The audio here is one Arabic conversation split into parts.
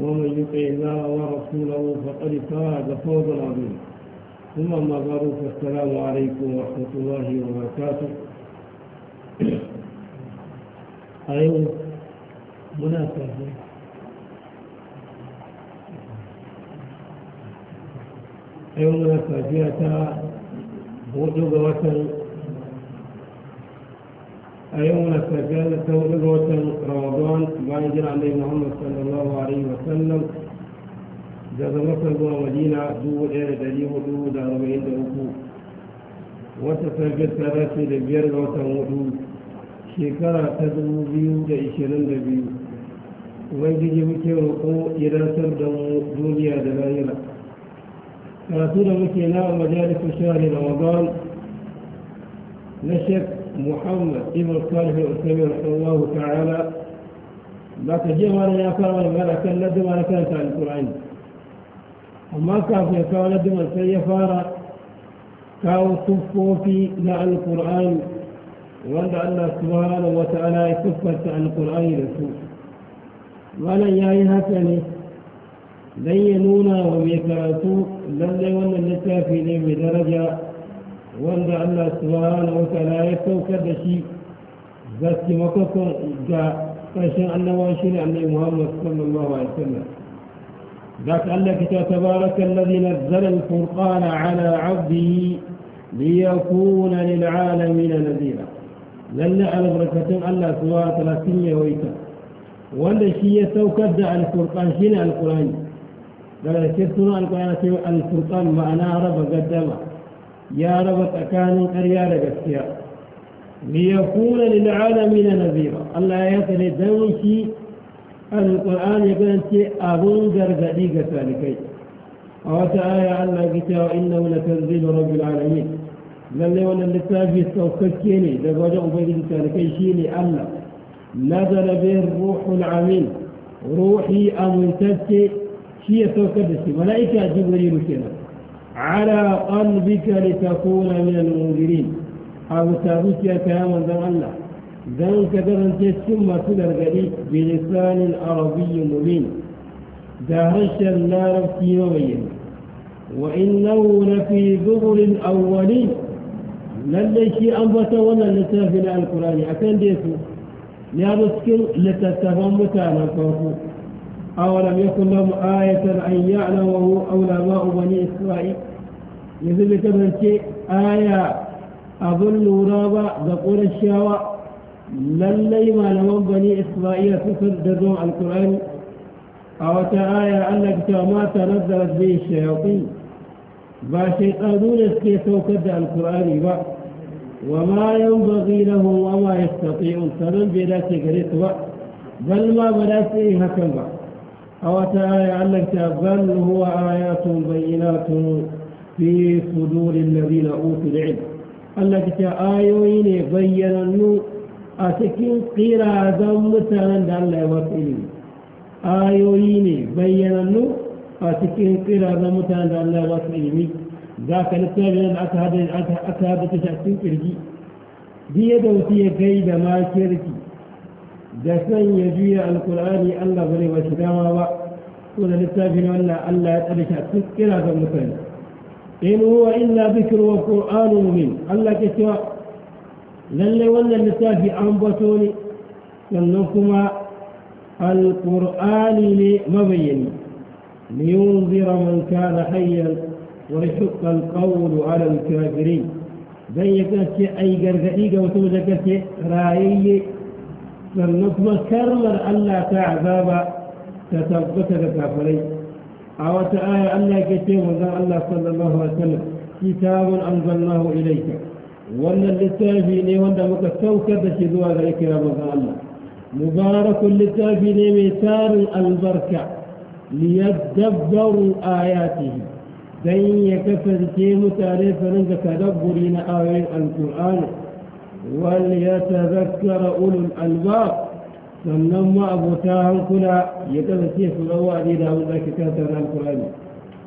ومن يطع الله ورسوله فقد فاز فوزا عظيما ثم ما بعد فالسلام عليكم ورحمة الله وبركاته أيوه مناسبة أيوه مناسبة فيها وجوب وسل أيوه مناسبة فيها وجوب الخلق بان جرى النبي محمد صلى الله عليه وسلم جزا مصر بوا مدينة دو إير دليل ودو دار بين دوكو وتسجد كراسي لبير غوتان ودو شكرا تدو بيو جايشنن دبيو ويجي مكي وقو يرسل دو دوليا دبايرا رسول مكي لا مجالس شهر رمضان نشك محمد ابن صالح الاسلام رحمه الله تعالى ba ka je wani ya fara magana kan laduma na karanta alkur'ani amma kafin ya kawo ladumar sai ya fara kawo tuffofi na alkur'ani wanda allah subhanahu wa ta'ala ya tuffanta alkur'ani da su wannan ya yi haka ne don ya nuna wa mai karatu lallai wannan littafi ne mai daraja wanda allah subhanahu wa ta'ala ya saukar da shi ga taimakon ga ƙarshen annabawa shi ne محمد صلى الله عليه وسلم ذاك قال تبارك الذي نزل الفرقان على عبده ليكون للعالمين نذيرا لن على بركة الله سبحانه ثلاثين ويتا ولا شيء سوكد على القرآن شين القرآن قال سيرتنا القرآن القرآن معنا رب قدما يا رب تكان قريا لك ليكون للعالمين نذيرا الله يثني دوشي القرآن يقول أبون درجدي كذلك وتعالى الله كتاب إنه لتنزيل رب العالمين لله ولا لتافي توكسيني لقد أبين ذلك شيني ألا نزل به الروح العميل روحي أمنتك شيء توكدسي ملائكة جبريل كنا على قلبك لتكون من المنذرين حاوتابوسيا كامل دوغلا ذلك دوغلا ثم تدر قديد بلسان عربي مبين دهش النار في مبين وإنه لفي ذغر الأولين لدي شيء أنبت ولا لتنفل عن القرآن أكن ديسو لابسكن لتتفهم تانا كوفو أولم يكن لهم آية أن يعلمه أولماء بني إسرائيل يزل كبير شيء آيات abin lura ba ga ƙurashiyawa lallai malaman bani isra'ila suka da zuwan alkur'ani a wata aya allah ta mata nazarar zai shayaƙi ba shaiƙaru da suke saukar da alkur'ani ba wa ma yan bagi lahun wa ma ya tafi'un sanan bai dace gare su ba bal ma ba dace yin hakan ba a wata aya allah ta bal huwa ayatun bayyinatun fi sudurin ladina utul ilm Allah ta ce ayoyi ne bayyanannu a cikin kirazan mutanen da Allah ya wasu ilimi ayoyi ne bayyanannu a cikin kirazan mutanen da Allah ya wasu ilimi za ka littafin da aka haɗa ta shafin kirji biye da wasu ya gai da makirki da san ya juya alkur'ani Allah bane ba shi dama ba ko da littafin wannan Allah ya tsare shi a cikin kirazan mutane إن هو إلا ذكر وقرآن مبين الله كتوى للي النساء في أنبتوني سنكما القرآن مبين لينذر من كان حيا ويحق القول على الكافرين بيكت أي قرقائيك وتوزكت رأيي سنكما كرر ألا تعذاب تتبتك كافرين أو تآية أن لا كتير وذن الله صلى الله عليه وسلم كتاب أنزلناه إليك وأن للتابيني وأن دمك التوكد شدوا ذلك يا الله مبارك للتابيني ميتار البركة ليتدبروا آياته دين يكفر كيم تاريف رنك تدبرين آيات القرآن وليتذكر أولو الألباب sannan ma abota hankula ya kasance su rawa ne da abin da ake kanta na alkur'ani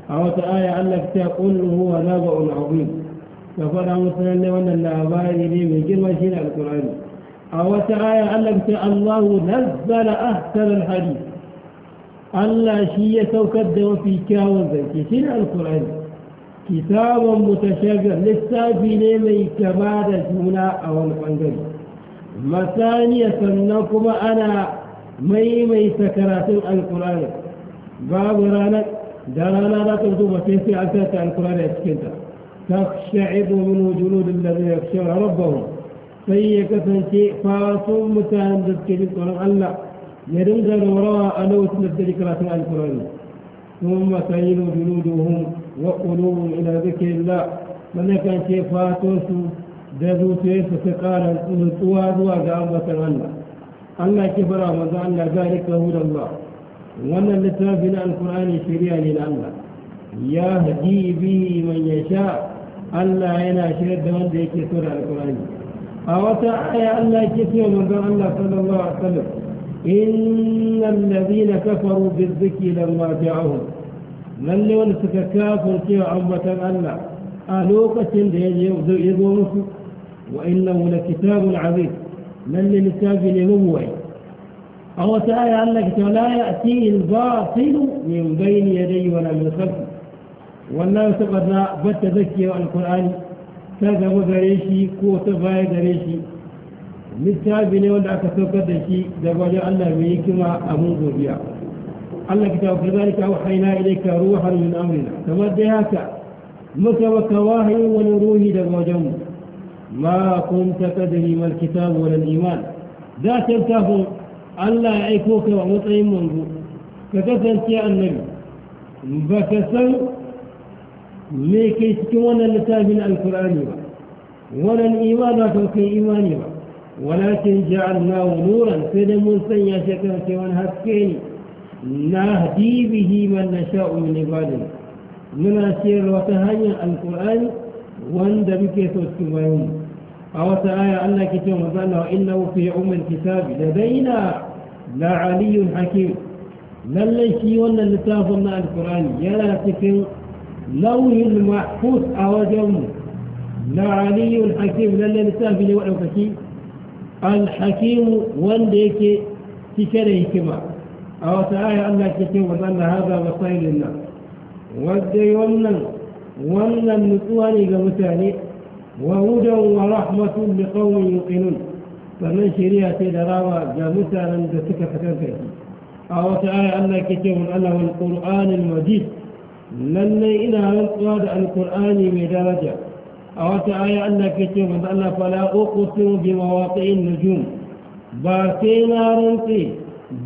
a wata aya allah ta kullu huwa naba'un azim ka faɗa musu lalle wannan labari ne mai girma shi ne alkur'ani a wata aya allah ta allahu nazzala ahsanal hadith allah shi ya saukar da mafi kyawun zance shi ne alkur'ani kitabun mutashagar lissafi ne mai kama da juna a wani bangare مثانية لكم أنا مي مي سكرات القرآن باب رانك دارانا لا تردو بسيسي أساس القرآن أسكنت تخشعب من جنود الذين يخشعر ربهم سيئك سنشيء فاسم مثان ذلك القرآن ألا يرنزل وراء أنو سنبدل كرات القرآن ثم تعين جنودهم وقلوبهم إلى ذكر الله من كان شيء فاسم da zuciyarsa ta ƙara nutsuwa zuwa ga ambatan Allah Allah ke fara manzo Allah zalika hudallah wannan littafi na alkur'ani shari'a ne na Allah ya haji bihi man yasha Allah yana shirar da wanda yake so da alkur'ani a wata aya Allah ke cewa manzo Allah sallallahu alaihi wasallam innal ladina kafaru bizikri lamma ja'ahum lalle wanda suka kafirce wa ambatan Allah a lokacin da ya zo musu وإنه لكتاب عظيم من لكتاب لنوع أو تعالى أنك لا يأتي الباطل من بين يدي ولا من خلفه والله تقدر بتذكي والقران كذا وذريشي كو تفاية ذريشي لكتاب لنوع دعك توقد شيء دقوا الله ويكما أمون قبيع الله كتاب كذلك أوحينا إليك روحا من أمرنا تمديها كا مكوكواهي ونروهي دقوا جمه ما كنت تدري ما الكتاب ولا الإيمان ذات الكافر ألا يعيكوك ومطعم منه كتسنت النبي بكسن ميكيسك ولا لتاب القرآن ولا الإيمان فوق إيماني ولكن جعلناه نورا فلم سيا شكرك ونهكين نهدي به من نشاء من عبادنا من أسير وتهيئ القرآن وأن دبك يتوسك أو تآية أن كتير مثلا إنه في أم الكتاب لدينا لعلي حكيم للي شي ولا القرآن يلا تكن لوه المحفوظ أو لا لعلي حكيم للي لتافني ولا حكيم الحكيم وليك تكره كما أو تآية أن كتاب مثلا هذا وصيل الناس ودي ولن ولن نتواني كمتاني وهدى ورحمة لقوم يوقنون فمن شريعة دراوة جاموسة لم تسكى فكان فيه أو تعالى أن كتاب أنه القرآن المجيد لن إنا نقاد القرآن بدرجة أو تعالى أن كتاب أن فلا أقسم بمواقع النجوم باسينا رنقي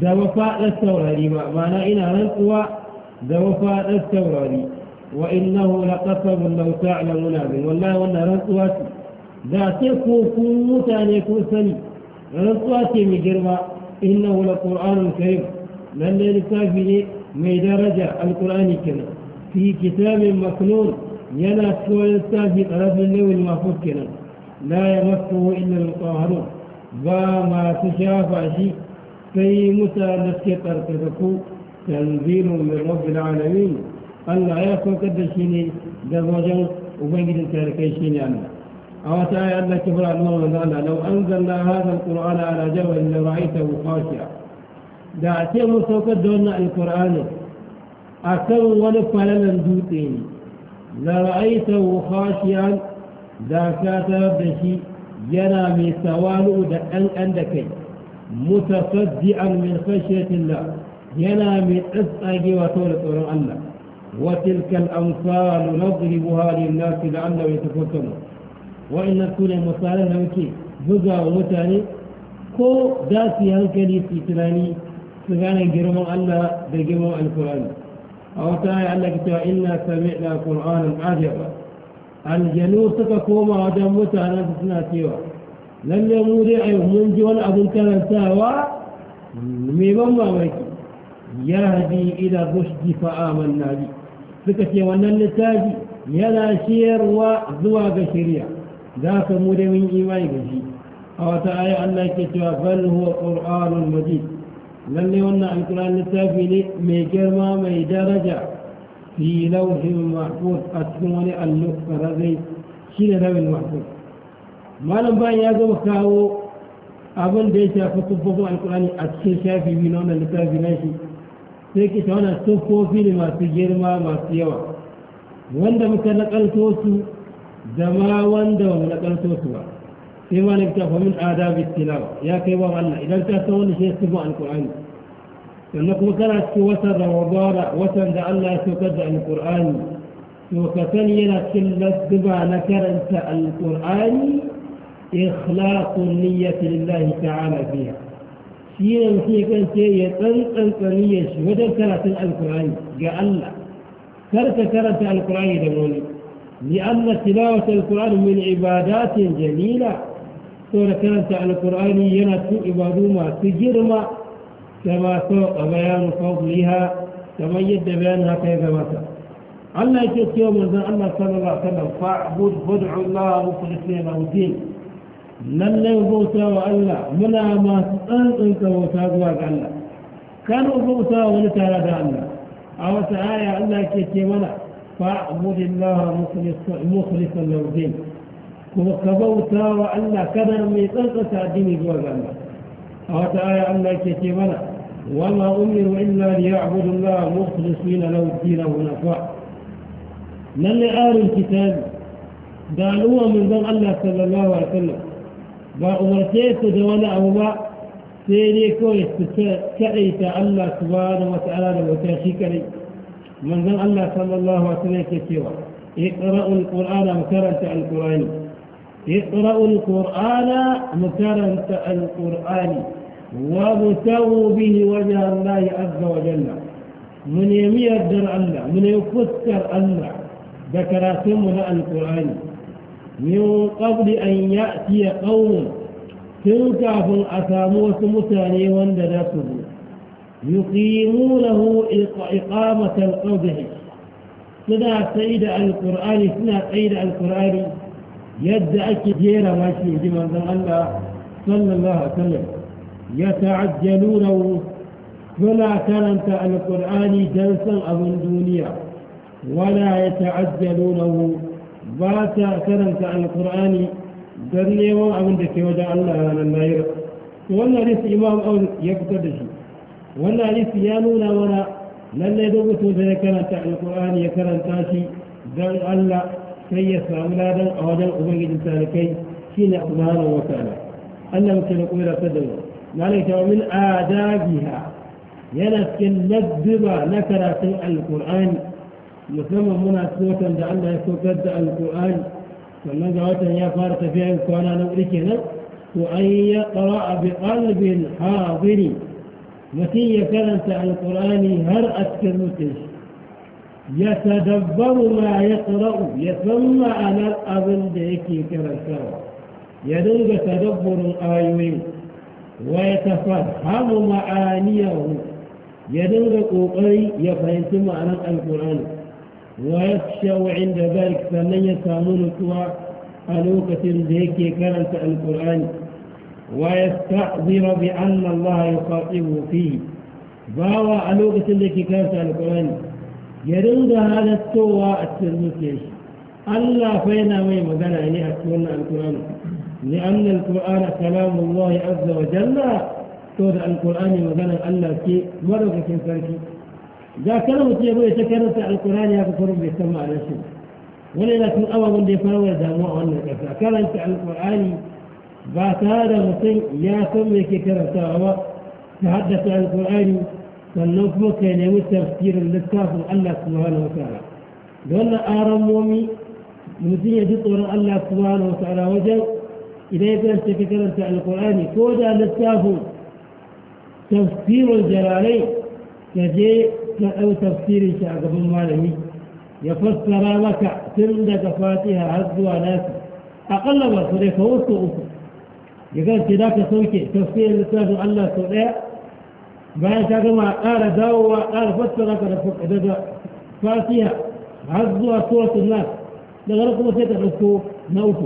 دوفاء الثورة معنى إنا رنقوا دوفاء الثورة وإنه لقسم لو تعلمون به والله ولا رسوات ذات كوكو متاني كوسن رسوات مجرما إنه لقرآن من لن يلتافي من درجة القرآن الكريم في كتاب مكنون ينا سوى يلتافي طرف النوي المحفوظ كنا لا يمسه إلا المطهرون وما تشافع شيء في متى نسكت تنزيل من رب العالمين أن أياكم قد الشيني دفوجان وبنجد انتهر كيشيني أمنا أواتايا أن كبرى الله لنا لو أنزلنا هذا القرآن على جبل لرأيته خاشعا دعتي مرسوك الدولنا القرآن أكثر ولف على من دوتين لرأيته خاشعا ذاكات ربشي ينامي سواله دأن أندك متصدئا من خشية الله ينامي أسأجي وتولد الله وتلك الأمثال نضربها للناس لعلهم يتفكرون وإن كل مثالا نوكي بغا ومتاني كو داسي هنكلي في تناني سبحانه جرموا الله بجمع القرآن أو تعالى الله كتاب إنا سمعنا قرآنا عجبا الجنور تككوما ودم متانا تسنا سيوا لم يمودع أي من أبو كان ساوا ميبما ويكي يهدي إلى الرشد فآمنا به سكتي وانا النتاج يلا شير وذواب شريع ذاك مولي من إيمان بشي أو تعالي آية ان كتوى بل هو قرآن المجيد للي ان القرآن النتاج لي ميكرما ميدرجة في لوح محفوظ أتكوني اللقفة رضي شير لو المحفوظ ما لم بأي يجب كاو أبن ديشا فتبقوا القرآن أتكشا في بنون النتاج ناشي sai ki ta wani siffofi ne masu girma masu yawa wanda muka nakalto su da ma wanda wani nakalto su ba sai ma na fita famin adabi tilawa ya kai wa Allah idan ta san wani shi su sifo alkur'ani sannan kuma kana cikin watan ramadana watan da Allah ya saukar da alkur'ani to ka sani yana cikin lasduba na karanta alkur'ani ikhlaqun niyyati lillahi ta'ala fiha shi yanzu ya kance ya tsantsantsani ya shi wajen karatun alkurani ga Allah karka karanta alkurani da wani لأن تلاوة القرآن من عبادات جميلة سورة كانت على القرآن ينتو عبادوما تجرما كما سوق بيان فضلها كما يد بيانها كيف متى الله يتوى من ذا الله صلى الله عليه وسلم فاعبد فادع الله مخلصين له دين lallai bauta wa Allah muna masu tsantsinka bauta zuwa ga Allah kanu bauta wa wani tare da Allah a wata aya Allah ke ce mana fa'budin laha mukhlisan laudin kuma ka bauta wa Allah kada mai tsantsanta addini zuwa ga Allah a wata aya Allah ke ce mana wama umiru illa liya'budu Allah mukhlisina lahu dinahu hunafa lallai arin kitabi da al'umma manzon Allah sallallahu alaihi wasallam وأورثيت دولة أولا سيريكو يستسعيت الله سبحانه وتعالى وتشكري من ذن الله صلى الله عليه وسلم اقرأوا القرآن مكرمت القرآن اقرأوا القرآن مكرمت القرآن وابتغوا به وجه الله عز وجل من يمير الله من يفكر الله ذكرات من القرآن من قبل أن يأتي قوم تنكاف أسامو سمتاني واندناسه يقيمونه إقامة القضح سنا سيد القرآن سنا سيد القرآن يدعك جير ما شهد من ذنب صلى الله عليه وسلم يتعجلونه سنا كرمت القرآن جلسا أو دونيا ولا يتعجلونه بات كرم كأن القرآن درني وأمن دك وجاء الله على النير وانا ليس إمام أو يقتدج وانا ليس يانونا ولا لن يدوث ذلك كرم كأن القرآن يكرم تاشي دل الله سيسا أولادا أو دل أبنج جسالكي كين أبنان وكالا أنا مكين أقول أفضل مالك ومن آدابها ينسك النذبة نكرة القرآن القرآن musamman muna cikin watan da Allah ya saukar da alƙur'ani sannan ga watan ya fara tafiya kwana na wuri kenan to an ya ƙara a bi ƙalibin haziri mutum ya karanta alƙur'ani har a cikin mutum ya tadabbaru ma ya tsara'u ya san ma'anar abin da yake karantawa ya dinga tadabburin ayoyin wa ya tafahhamu ma'aniyahu ya dinga ƙoƙari ya fahimci ma'anar alƙur'ani ويخشى عند ذلك فلن يسامون سوى ألوكة ذيك كانت القرآن ويستحضر بأن الله يخاطبه فيه باوى ألوكة ذيك كانت القرآن يرد هذا السوى الترمسيش الله فينا مي مغنى أن يحكونا القرآن لأن القرآن كلام الله عز وجل سورة القرآن مغنى الله كي مرة كي ذا كلمة يبو يتكررت القرآن يا بكرم يسمع على شيء ولذا كن أوى من دي فاول ذا مو أولا كفا كلمت القرآن بعد هذا مصير يا كم يكررت أوى تحدث عن القرآن فالنوك مو كان يمو تفسير للكاف الله سبحانه وتعالى لأن آرام مومي مزيد يدطور الله سبحانه وتعالى وجل إذا يكن تفكرت على القرآن فوجا للكاف تفسير الجلالين كجي أو تفسيرك أقب الله يفسر لك سند كفاتها عز وناس أقل ما صريك وصو أصو يقول سيداك سوكي تفسير لسلاف الله سوكي بعد شاكما قال دعوة قال فسر لك فاتها عز وصورة الناس لغرق مسيطة أصو نوتو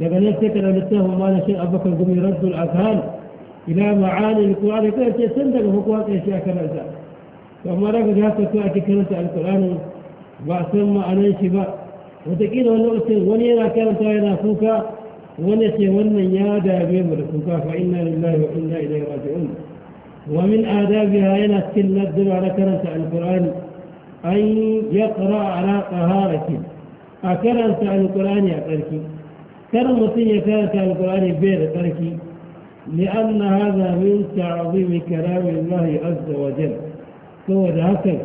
لغن يفسك لأن الله ما نشير أبقى القمي رد الأذهان إلى معاني القرآن يقول سندك فقوات إشياء كما كنازات amma daga da haka sai ake karanta alkur'anin ba a san ma'anar shi ba wataƙila wani lokacin wani yana karanta yana kuka wani ce wannan ya dame mu da kuka fa inna lillahi wa inna ilaihi raji'un wa min adabiha yana cikin ladduba na karanta alkur'ani an yaqra ala taharati a karanta alkur'ani a tsarki kar mutum ya karanta alkur'ani bai da tsarki لأن هذا من تعظيم كلام الله عز وجل saboda hakan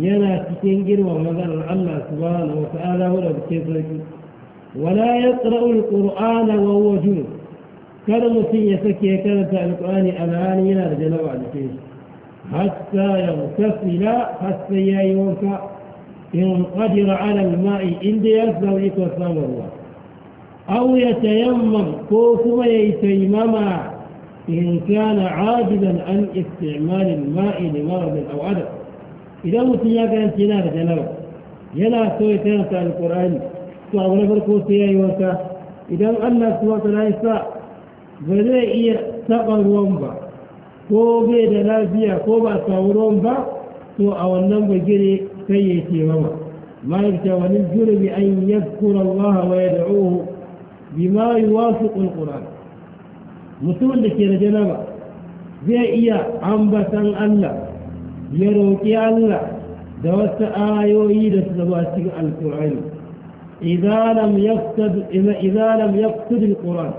yana cikin girman maganar Allah subhanahu wa ta'ala wadda da ke sarki wala ya tsara'ul ƙur'ana wa wajen kada mutum ya sake ya karanta alƙur'ani a rani yana da janaba a jikin shi hatta ya mutasila hatta ya yi wanka in qadira ala al-ma'i inda ya samu iko samun ruwa aw yatayammam ko kuma yayi taymama إن كان عاجزا عن استعمال الماء لمرض أو عدم إذا مسيا كان تنار جنبه يلا سوى كانت القرآن سوى بركو سيا يوسا إذا الله سوى تلايسا بذي إيا تقر ومبا ko bai da lafiya ko ba sauron ba to a wannan bagire sai ya ce mama malik ta wani jurbi mutumin da ke da janaba zai iya ambatan Allah ya roƙi Allah da wasu ayoyi da su zaba cikin alƙur'ani idza lam yaqtud idza lam yaqtud alquran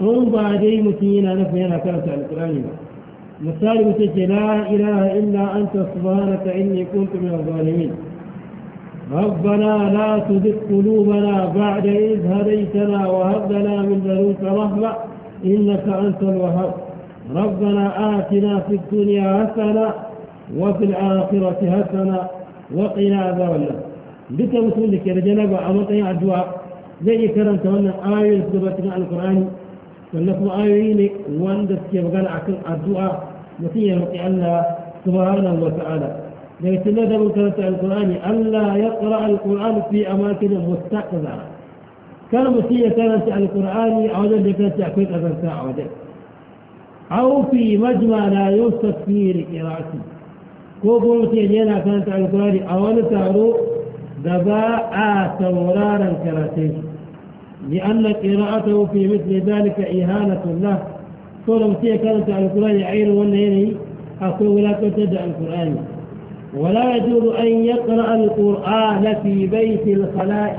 in ba dai mutum yana nufi yana karanta alqurani ba misali mutum ce la ilaha illa anta subhanaka inni kuntu min adh-dhalimin ربنا لا تزغ قلوبنا بعد إذ هديتنا وهب لنا من لدنك رحمة إنك أنت الوهاب ربنا آتنا في الدنيا حسنة وفي الآخرة حسنة وقنا عذاب الله بكم مسلم لك رجلا وعمطي عدوا زي كرم تولى آية سببتنا عن القرآن ايه آيين واندت كيف قال عكس عدوا نتيجة رقي الله سبحانه وتعالى لكن لا تقول عن القرآن ألا يقرأ القرآن في أماكن مستقذرة kar mutum ya karanta alkur'ani a wajen da karanta akwai ƙazanta a wajen au fi majma la yusuf fi riqirati ko kuma mutum yana karanta alkur'ani a wani taro da ba a sauraron karatun لأن قراءته في مثل ذلك إهانة له سورة مسيح كانت على القرآن عين والنيني أقول لا تتدع القرآن ولا يجوز أن يقرأ القرآن في بيت الخلائق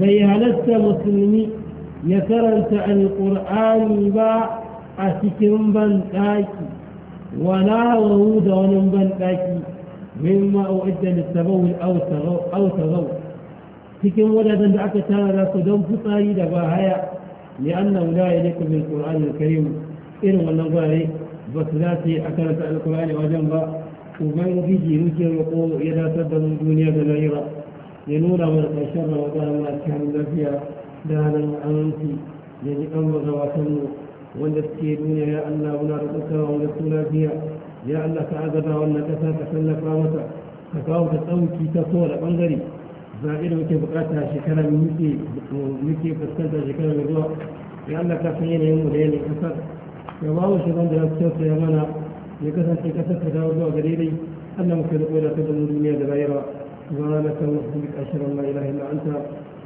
ديالت مسلمي يترنت عن القرآن با أسكر بن تاكي ولا ورود ونم بن تاكي مما أعد للتغوي أو تغو أو تغو سكر ولدا دعك تانا لا تدوم فطاري دباهايا لأنه لا يليق بالقرآن الكريم إن والنظاري بس لا شيء أكلت عن القرآن وجنبا وبين في جيروكي يقول إذا سبب الدنيا بغيره ينور من شر وقال لا كان لفيا دانا أنت يعني أمر وتنو wanda suke duniya ya Allah muna rubuta wanda su lafiya ya Allah ka azaba wannan kasa ka tallafa mata ka kawo ta tsauki ta kowane bangare zaɓe da muke bukata shekara muke muke fuskanta shekara mai zuwa ya Allah ka san yanayin mu da yanayin kasar ya ba mu shirin da rasu kyauta ya mana ya kasance kasar ta dawo zuwa gare dai Allah muke da koyar ta duniya da rayuwa سبحانك اللهم أشهد أن لا إله إلا أنت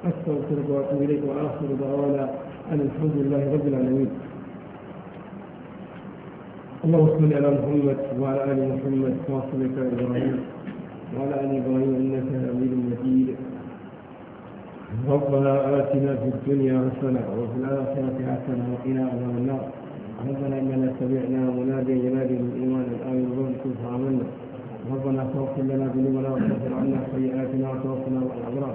أستغفرك وأتوب إليك وآخر دعوانا أن الحمد لله رب العالمين اللهم صل على محمد وعلى ال محمد كما صليت على ابراهيم وعلى ال ابراهيم انك حميد مجيد ربنا اتنا في الدنيا حسنه وفي الاخره حسنه وقنا عذاب النار ربنا اننا سمعنا مناديا ينادي بالايمان الامن بكم فامنا ربنا توفي لنا ذنوبنا وكفر عنا سيئاتنا وتوفنا مع الابرار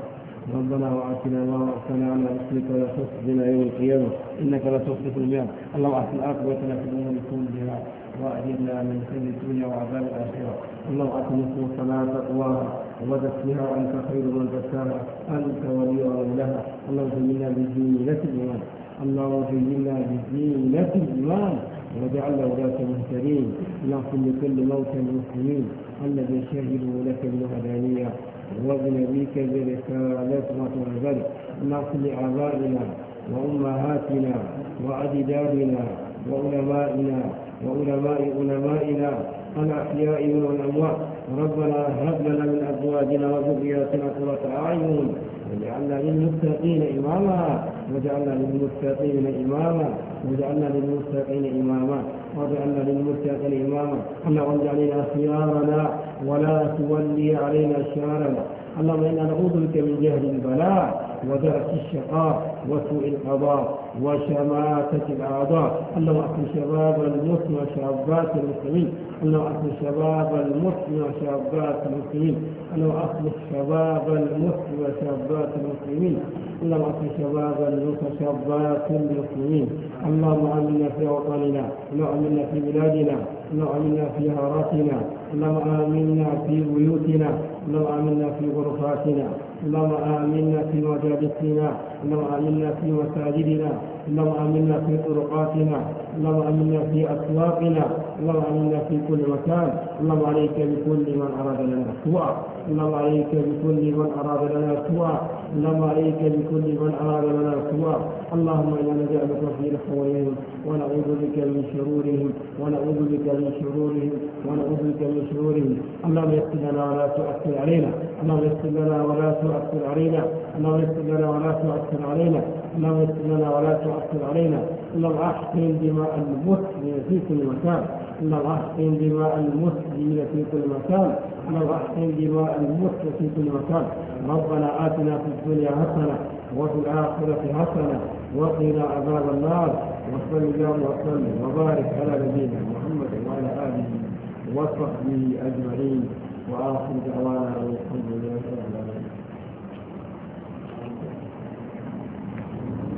ربنا وآتنا ما وعدتنا على رسلك ولا تخزنا يوم القيامة إنك لا تخلف الميعاد اللهم أحسن عاقبتنا في الأمور بها وأجرنا من خير الدنيا وعذاب الآخرة اللهم أحسن الصلاة تقواها بها وأنت خير من زكاها أنت ولي لها اللهم زينا بزينة الإيمان اللهم زينا بزينة الإيمان وجعلنا ذاك مهتدين اللهم لكل موتى المسلمين الذي شهدوا لك بالوحدانية وبنبيك برسالتك وتعذر اللهم لآبائنا وأمهاتنا وأجدادنا وعلمائنا وعلماء علمائنا الأحياء والأموات ربنا هب لنا من أزواجنا وذرياتنا قرة أعين وجعلنا للمتقين إماما وجعلنا للمتقين إماما وجعلنا للمتقين إماما وجعلنا للمتقين إماما اللهم اجعل لنا خيارنا ولا تولي علينا شرارنا اللهم إنا نعوذ بك من جهل البلاء ودرك الشقاء وسوء القضاء وشماتة الأعضاء اللهم أكرم شباب المسلم وشابات المسلمين اللهم أصلح شباب المسلم وشابات المسلمين اللهم أصلح شباب المسلم وشابات المسلمين اللهم أصلح شباب المسلم وشابات المسلمين اللهم آمنا في أوطاننا اللهم آمنا في بلادنا اللهم آمنا في هاراتنا اللهم آمنا في بيوتنا اللهم آمنا في غرفاتنا اللهم آمنا في مجالسنا اللهم آمنا في مساجدنا اللهم آمنا في طرقاتنا اللهم آمنا في أسواقنا اللهم آمنا في كل مكان اللهم عليك بكل من أراد لنا سوءا اللهم عليك بكل من أراد لنا سوءا اللهم عليك بكل من أراد لنا سوءا اللهم إنا نجعلك في نحورهم ونعوذ بك من شرورهم ونعوذ بك من شرورهم ونعوذ بك من شرورهم اللهم يقتلنا ولا تؤثر تؤثر علينا اللهم يسر لنا ولا تؤثر علينا اللهم يسر لنا ولا تؤثر علينا اللهم يسر لنا ولا تؤثر علينا اللهم احسن دماء المسلمين في كل مكان اللهم احسن دماء المسلمين في كل مكان اللهم احسن دماء المسلمين في كل مكان ربنا اتنا في الدنيا حسنه وفي الاخره حسنه وقنا عذاب النار وصل اللهم وسلم وبارك على نبينا محمد وعلى اله وصحبه اجمعين واخر دعوانا الحمد لله